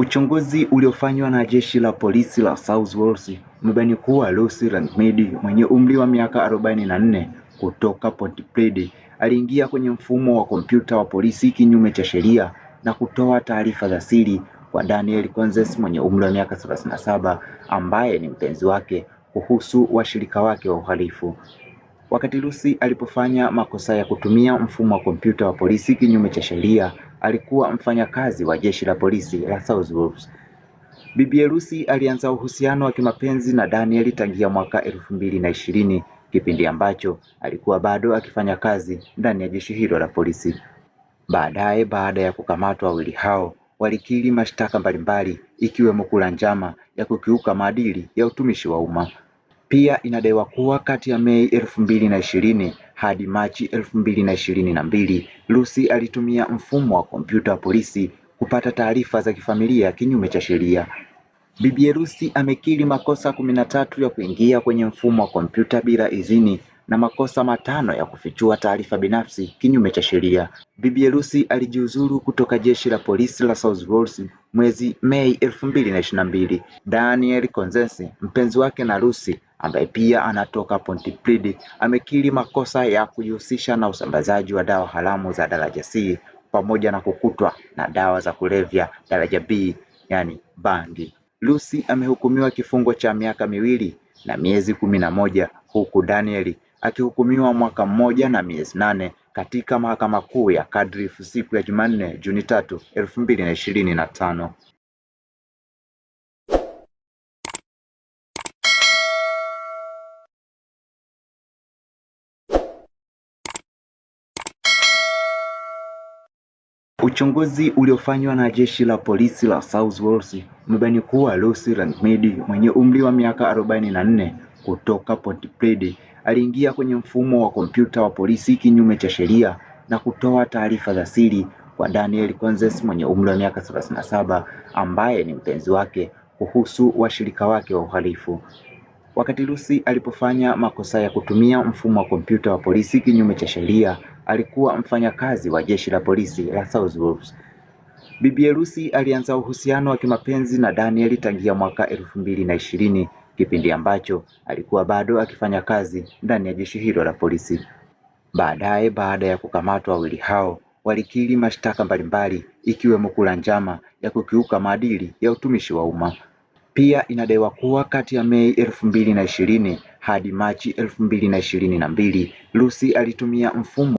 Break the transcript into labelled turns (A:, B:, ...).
A: Uchunguzi uliofanywa na jeshi la polisi la South Wales umebaini kuwa Lucy Ranmedi mwenye umri wa miaka 44 kutoka Pontypridd aliingia kwenye mfumo wa kompyuta wa polisi kinyume cha sheria na kutoa taarifa za siri kwa Daniel Gonzalez mwenye umri wa miaka 37 ambaye ni mpenzi wake kuhusu washirika wake wa uhalifu. Wakati Lucy alipofanya makosa ya kutumia mfumo wa kompyuta wa polisi kinyume cha sheria, alikuwa mfanyakazi wa jeshi la polisi la South Wolves. Bibi Lucy alianza uhusiano wa kimapenzi na Daniel tangia mwaka elfu mbili na ishirini, kipindi ambacho alikuwa bado akifanya kazi ndani ya jeshi hilo la polisi. Baadaye, baada ya kukamatwa, wawili hao walikiri mashtaka mbalimbali ikiwemo kula njama ya kukiuka maadili ya utumishi wa umma. Pia inadaiwa kuwa kati ya Mei elfu mbili na ishirini hadi Machi elfu mbili na ishirini na mbili, Lucy alitumia mfumo wa kompyuta wa polisi kupata taarifa za kifamilia kinyume cha sheria. Bibi Lucy amekiri makosa kumi na tatu ya kuingia kwenye mfumo wa kompyuta bila idhini na makosa matano ya kufichua taarifa binafsi kinyume cha sheria. Bibi Elusi alijiuzuru kutoka jeshi la polisi la South Wales mwezi Mei elfu mbili na ishirini na mbili. Daniel Konzensi, mpenzi wake na Lucy ambaye pia anatoka Pontypridd, amekiri makosa ya kujihusisha na usambazaji wa dawa haramu za daraja C pamoja na kukutwa na dawa za kulevya daraja B, yani bangi. Lucy amehukumiwa kifungo cha miaka miwili na miezi kumi na moja huku Daniel akihukumiwa mwaka mmoja na miezi nane katika Mahakama Kuu ya Kadrif siku ya Jumanne, Juni tatu, elfu mbili na ishirini na tano.
B: Uchunguzi uliofanywa na jeshi la polisi la South Wales umebaini kuwa Lucy Ranmidi mwenye umri wa miaka 44 kutoka Pontypridd aliingia kwenye mfumo wa kompyuta wa polisi kinyume cha sheria na kutoa taarifa za siri kwa Daniel Konzes mwenye umri wa miaka 37 ambaye ni mpenzi wake kuhusu washirika wake wa uhalifu. Wakati Lucy alipofanya makosa ya kutumia mfumo wa kompyuta wa polisi kinyume cha sheria, alikuwa mfanyakazi wa jeshi la polisi la South Wolves. Bibi Lucy alianza uhusiano wa kimapenzi na Daniel tangia mwaka elfu mbili na ishirini kipindi ambacho alikuwa bado akifanya kazi ndani ya jeshi hilo la polisi. Baadaye, baada ya kukamatwa, wawili hao walikiri mashtaka mbalimbali ikiwemo kula njama ya kukiuka maadili ya utumishi wa umma. Pia inadaiwa kuwa kati ya Mei elfu mbili na ishirini hadi Machi elfu mbili na ishirini na mbili Lucy alitumia mfumo